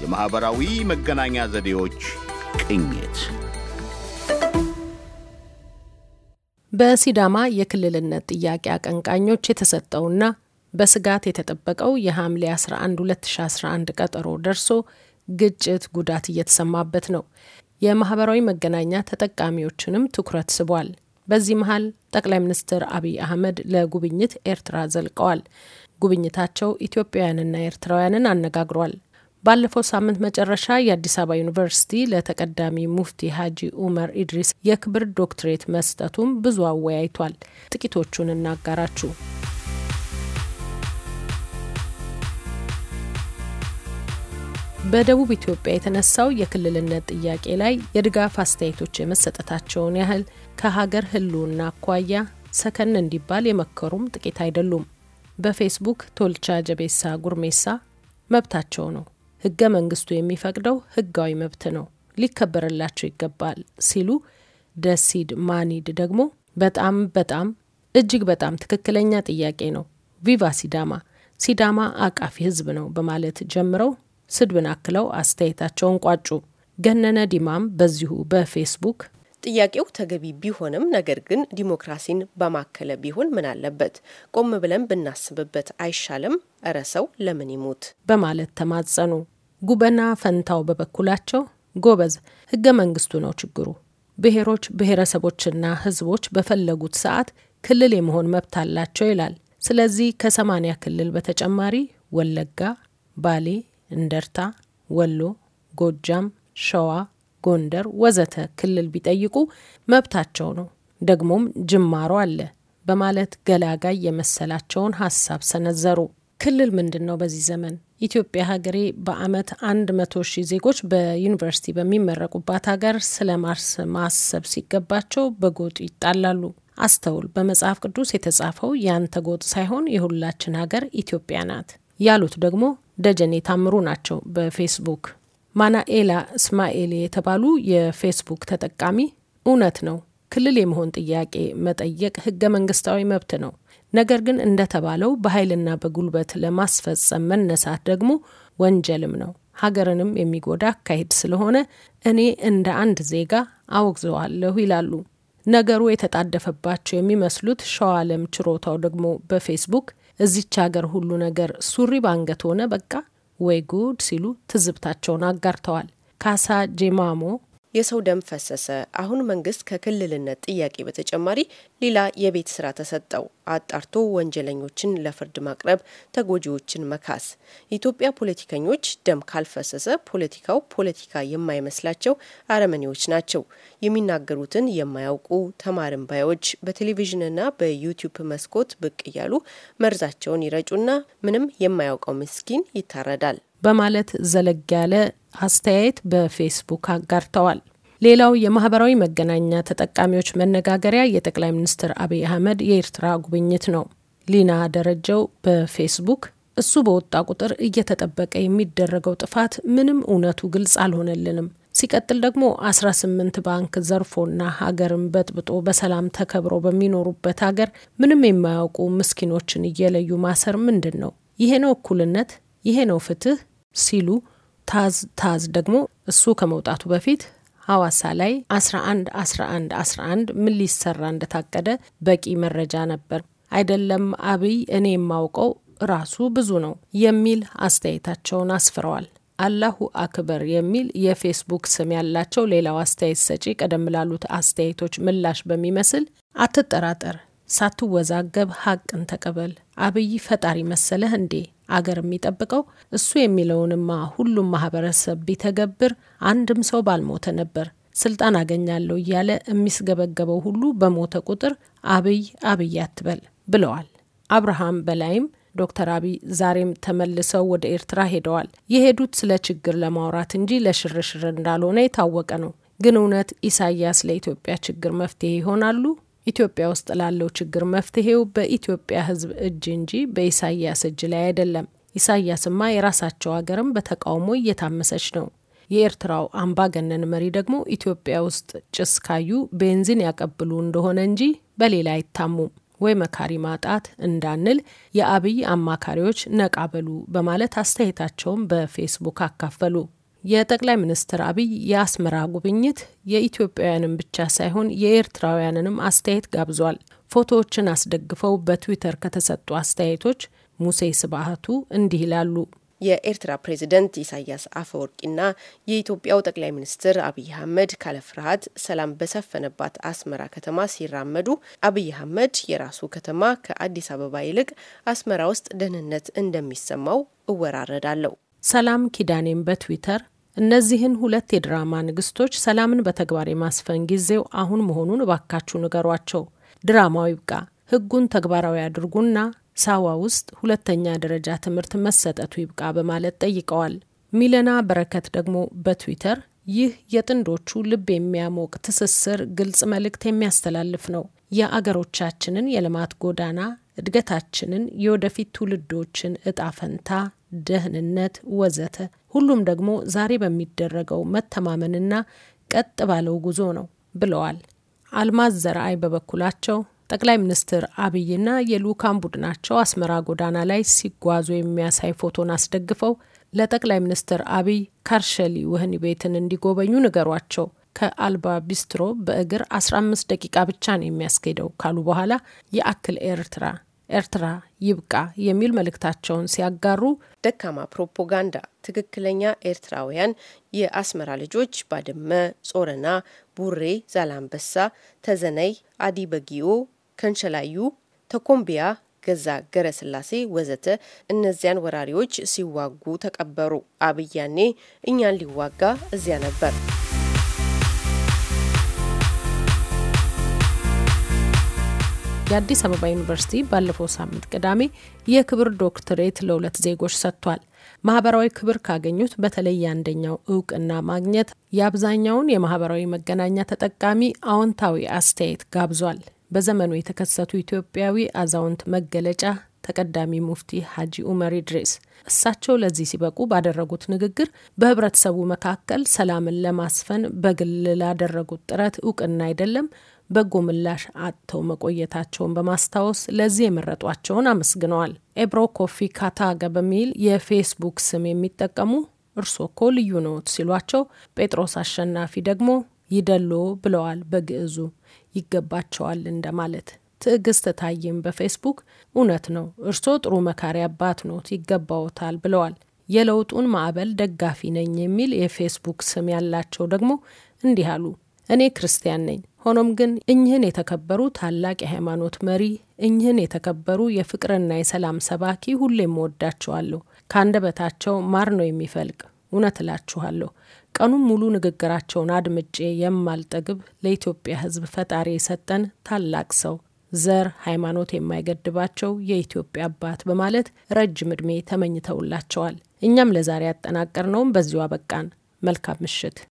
የማኅበራዊ መገናኛ ዘዴዎች ቅኝት በሲዳማ የክልልነት ጥያቄ አቀንቃኞች የተሰጠውና በስጋት የተጠበቀው የሐምሌ 11 2011 ቀጠሮ ደርሶ ግጭት ጉዳት እየተሰማበት ነው። የማህበራዊ መገናኛ ተጠቃሚዎችንም ትኩረት ስቧል። በዚህ መሀል ጠቅላይ ሚኒስትር አብይ አህመድ ለጉብኝት ኤርትራ ዘልቀዋል። ጉብኝታቸው ኢትዮጵያውያንና ኤርትራውያንን አነጋግሯል። ባለፈው ሳምንት መጨረሻ የአዲስ አበባ ዩኒቨርሲቲ ለተቀዳሚ ሙፍቲ ሀጂ ኡመር ኢድሪስ የክብር ዶክትሬት መስጠቱም ብዙ አወያይቷል። ጥቂቶቹን እናጋራችሁ። በደቡብ ኢትዮጵያ የተነሳው የክልልነት ጥያቄ ላይ የድጋፍ አስተያየቶች የመሰጠታቸውን ያህል ከሀገር ሕልውና አኳያ ሰከን እንዲባል የመከሩም ጥቂት አይደሉም። በፌስቡክ ቶልቻ ጀቤሳ ጉርሜሳ መብታቸው ነው ህገ መንግስቱ የሚፈቅደው ህጋዊ መብት ነው፣ ሊከበርላቸው ይገባል ሲሉ ደሲድ ማኒድ ደግሞ በጣም በጣም እጅግ በጣም ትክክለኛ ጥያቄ ነው፣ ቪቫ ሲዳማ፣ ሲዳማ አቃፊ ህዝብ ነው በማለት ጀምረው ስድብን አክለው አስተያየታቸውን ቋጩ። ገነነ ዲማም በዚሁ በፌስቡክ ጥያቄው ተገቢ ቢሆንም ነገር ግን ዲሞክራሲን በማከለ ቢሆን ምን አለበት? ቆም ብለን ብናስብበት አይሻልም? እረ ሰው ለምን ይሙት? በማለት ተማጸኑ። ጉበና ፈንታው በበኩላቸው ጎበዝ፣ ህገ መንግስቱ ነው ችግሩ። ብሔሮች ብሔረሰቦችና ህዝቦች በፈለጉት ሰዓት ክልል የመሆን መብት አላቸው ይላል። ስለዚህ ከሰማኒያ ክልል በተጨማሪ ወለጋ፣ ባሌ፣ እንደርታ፣ ወሎ፣ ጎጃም፣ ሸዋ፣ ጎንደር ወዘተ ክልል ቢጠይቁ መብታቸው ነው፣ ደግሞም ጅማሮ አለ በማለት ገላጋይ የመሰላቸውን ሀሳብ ሰነዘሩ። ክልል ምንድን ነው? በዚህ ዘመን ኢትዮጵያ ሀገሬ በአመት አንድ መቶ ሺህ ዜጎች በዩኒቨርሲቲ በሚመረቁባት ሀገር ስለ ማርስ ማሰብ ሲገባቸው በጎጥ ይጣላሉ። አስተውል፣ በመጽሐፍ ቅዱስ የተጻፈው ያንተ ጎጥ ሳይሆን የሁላችን ሀገር ኢትዮጵያ ናት ያሉት ደግሞ ደጀኔ ታምሩ ናቸው። በፌስቡክ ማናኤላ እስማኤል የተባሉ የፌስቡክ ተጠቃሚ እውነት ነው፣ ክልል የመሆን ጥያቄ መጠየቅ ህገ መንግስታዊ መብት ነው ነገር ግን እንደተባለው በኃይልና በጉልበት ለማስፈጸም መነሳት ደግሞ ወንጀልም ነው፣ ሀገርንም የሚጎዳ አካሄድ ስለሆነ እኔ እንደ አንድ ዜጋ አወግዘዋለሁ ይላሉ። ነገሩ የተጣደፈባቸው የሚመስሉት ሸዋለም ችሮታው ደግሞ በፌስቡክ እዚች ሀገር ሁሉ ነገር ሱሪ ባንገት ሆነ በቃ ወይ ጉድ ሲሉ ትዝብታቸውን አጋርተዋል። ካሳ ጄማሞ የሰው ደም ፈሰሰ። አሁን መንግስት ከክልልነት ጥያቄ በተጨማሪ ሌላ የቤት ስራ ተሰጠው። አጣርቶ ወንጀለኞችን ለፍርድ ማቅረብ፣ ተጎጂዎችን መካስ። የኢትዮጵያ ፖለቲከኞች ደም ካልፈሰሰ ፖለቲካው ፖለቲካ የማይመስላቸው አረመኔዎች ናቸው። የሚናገሩትን የማያውቁ ተማርን ባዮች በቴሌቪዥንና በዩቲዩብ መስኮት ብቅ እያሉ መርዛቸውን ይረጩና ምንም የማያውቀው ምስኪን ይታረዳል። በማለት ዘለግ ያለ አስተያየት በፌስቡክ አጋርተዋል። ሌላው የማህበራዊ መገናኛ ተጠቃሚዎች መነጋገሪያ የጠቅላይ ሚኒስትር አብይ አህመድ የኤርትራ ጉብኝት ነው። ሊና ደረጀው በፌስቡክ እሱ በወጣ ቁጥር እየተጠበቀ የሚደረገው ጥፋት ምንም እውነቱ ግልጽ አልሆነልንም። ሲቀጥል ደግሞ 18 ባንክ ዘርፎና ሀገርን በጥብጦ በሰላም ተከብሮ በሚኖሩበት ሀገር ምንም የማያውቁ ምስኪኖችን እየለዩ ማሰር ምንድን ነው? ይሄ ነው እኩልነት? ይሄ ነው ፍትህ? ሲሉ ታዝ ታዝ ደግሞ እሱ ከመውጣቱ በፊት ሐዋሳ ላይ 11 11 11 ምን ሊሰራ እንደታቀደ በቂ መረጃ ነበር። አይደለም አብይ እኔ የማውቀው ራሱ ብዙ ነው የሚል አስተያየታቸውን አስፍረዋል። አላሁ አክበር የሚል የፌስቡክ ስም ያላቸው ሌላው አስተያየት ሰጪ ቀደም ላሉት አስተያየቶች ምላሽ በሚመስል አትጠራጠር፣ ሳትወዛገብ ሀቅን ተቀበል፣ አብይ ፈጣሪ መሰለህ እንዴ አገር የሚጠብቀው እሱ የሚለውንማ ሁሉም ማህበረሰብ ቢተገብር አንድም ሰው ባልሞተ ነበር። ስልጣን አገኛለሁ እያለ የሚስገበገበው ሁሉ በሞተ ቁጥር አብይ አብይ አትበል ብለዋል። አብርሃም በላይም ዶክተር አብይ ዛሬም ተመልሰው ወደ ኤርትራ ሄደዋል። የሄዱት ስለ ችግር ለማውራት እንጂ ለሽርሽር እንዳልሆነ የታወቀ ነው። ግን እውነት ኢሳያስ ለኢትዮጵያ ችግር መፍትሄ ይሆናሉ? ኢትዮጵያ ውስጥ ላለው ችግር መፍትሄው በኢትዮጵያ ሕዝብ እጅ እንጂ በኢሳያስ እጅ ላይ አይደለም። ኢሳያስማ የራሳቸው ሀገርም በተቃውሞ እየታመሰች ነው። የኤርትራው አምባገነን መሪ ደግሞ ኢትዮጵያ ውስጥ ጭስ ካዩ ቤንዚን ያቀብሉ እንደሆነ እንጂ በሌላ አይታሙም። ወይ መካሪ ማጣት እንዳንል የአብይ አማካሪዎች ነቃ በሉ በማለት አስተያየታቸውን በፌስቡክ አካፈሉ። የጠቅላይ ሚኒስትር አብይ የአስመራ ጉብኝት የኢትዮጵያውያንን ብቻ ሳይሆን የኤርትራውያንንም አስተያየት ጋብዟል። ፎቶዎችን አስደግፈው በትዊተር ከተሰጡ አስተያየቶች ሙሴ ስብአቱ እንዲህ ይላሉ። የኤርትራ ፕሬዚደንት ኢሳያስ አፈወርቂና የኢትዮጵያው ጠቅላይ ሚኒስትር አብይ አህመድ ካለ ፍርሃት ሰላም በሰፈነባት አስመራ ከተማ ሲራመዱ አብይ አህመድ የራሱ ከተማ ከአዲስ አበባ ይልቅ አስመራ ውስጥ ደህንነት እንደሚሰማው እወራረዳለሁ። ሰላም ኪዳኔም በትዊተር እነዚህን ሁለት የድራማ ንግስቶች ሰላምን በተግባር የማስፈን ጊዜው አሁን መሆኑን እባካችሁ ንገሯቸው። ድራማው ይብቃ፣ ህጉን ተግባራዊ አድርጉና ሳዋ ውስጥ ሁለተኛ ደረጃ ትምህርት መሰጠቱ ይብቃ በማለት ጠይቀዋል። ሚለና በረከት ደግሞ በትዊተር ይህ የጥንዶቹ ልብ የሚያሞቅ ትስስር ግልጽ መልእክት የሚያስተላልፍ ነው። የአገሮቻችንን የልማት ጎዳና፣ እድገታችንን፣ የወደፊት ትውልዶችን እጣ ፈንታ፣ ደህንነት ወዘተ ሁሉም ደግሞ ዛሬ በሚደረገው መተማመንና ቀጥ ባለው ጉዞ ነው ብለዋል። አልማዝ ዘርአይ በበኩላቸው ጠቅላይ ሚኒስትር አብይና የልኡካን ቡድናቸው አስመራ ጎዳና ላይ ሲጓዙ የሚያሳይ ፎቶን አስደግፈው ለጠቅላይ ሚኒስትር አብይ ካርሸሊ ውህኒ ቤትን እንዲጎበኙ ንገሯቸው ከአልባ ቢስትሮ በእግር 15 ደቂቃ ብቻ ነው የሚያስኬደው ካሉ በኋላ የአክል ኤርትራ ኤርትራ ይብቃ የሚል መልእክታቸውን ሲያጋሩ ደካማ ፕሮፓጋንዳ ትክክለኛ ኤርትራውያን የአስመራ ልጆች ባድመ፣ ጾረና፣ ቡሬ፣ ዛላንበሳ፣ ተዘነይ፣ አዲበጊዮ፣ ከንሸላዩ፣ ተኮምቢያ፣ ገዛ ገረ ስላሴ ወዘተ እነዚያን ወራሪዎች ሲዋጉ ተቀበሩ። አብያኔ እኛን ሊዋጋ እዚያ ነበር። የአዲስ አበባ ዩኒቨርሲቲ ባለፈው ሳምንት ቅዳሜ የክብር ዶክትሬት ለሁለት ዜጎች ሰጥቷል። ማህበራዊ ክብር ካገኙት በተለይ የአንደኛው እውቅና ማግኘት የአብዛኛውን የማህበራዊ መገናኛ ተጠቃሚ አዎንታዊ አስተያየት ጋብዟል። በዘመኑ የተከሰቱ ኢትዮጵያዊ አዛውንት መገለጫ ተቀዳሚ ሙፍቲ ሀጂ ኡመር ኢድሪስ እሳቸው ለዚህ ሲበቁ ባደረጉት ንግግር በህብረተሰቡ መካከል ሰላምን ለማስፈን በግል ላደረጉት ጥረት እውቅና አይደለም በጎ ምላሽ አጥተው መቆየታቸውን በማስታወስ ለዚህ የመረጧቸውን አመስግነዋል። ኤብሮ ኮፊ ካታገ በሚል የፌስቡክ ስም የሚጠቀሙ እርሶ እኮ ልዩ ነዎት ሲሏቸው፣ ጴጥሮስ አሸናፊ ደግሞ ይደሎ ብለዋል። በግዕዙ ይገባቸዋል እንደማለት። ትዕግስት ታይም በፌስቡክ እውነት ነው እርሶ ጥሩ መካሪ አባት ኖት ይገባዎታል ብለዋል። የለውጡን ማዕበል ደጋፊ ነኝ የሚል የፌስቡክ ስም ያላቸው ደግሞ እንዲህ አሉ። እኔ ክርስቲያን ነኝ ሆኖም ግን እኚህን የተከበሩ ታላቅ የሃይማኖት መሪ፣ እኚህን የተከበሩ የፍቅርና የሰላም ሰባኪ ሁሌም እወዳቸዋለሁ። ከአንደበታቸው ማር ነው የሚፈልቅ። እውነት እላችኋለሁ ቀኑን ሙሉ ንግግራቸውን አድምጬ የማልጠግብ ለኢትዮጵያ ሕዝብ ፈጣሪ የሰጠን ታላቅ ሰው፣ ዘር፣ ሃይማኖት የማይገድባቸው የኢትዮጵያ አባት በማለት ረጅም ዕድሜ ተመኝተውላቸዋል። እኛም ለዛሬ ያጠናቀርነውም በዚሁ አበቃን። መልካም ምሽት።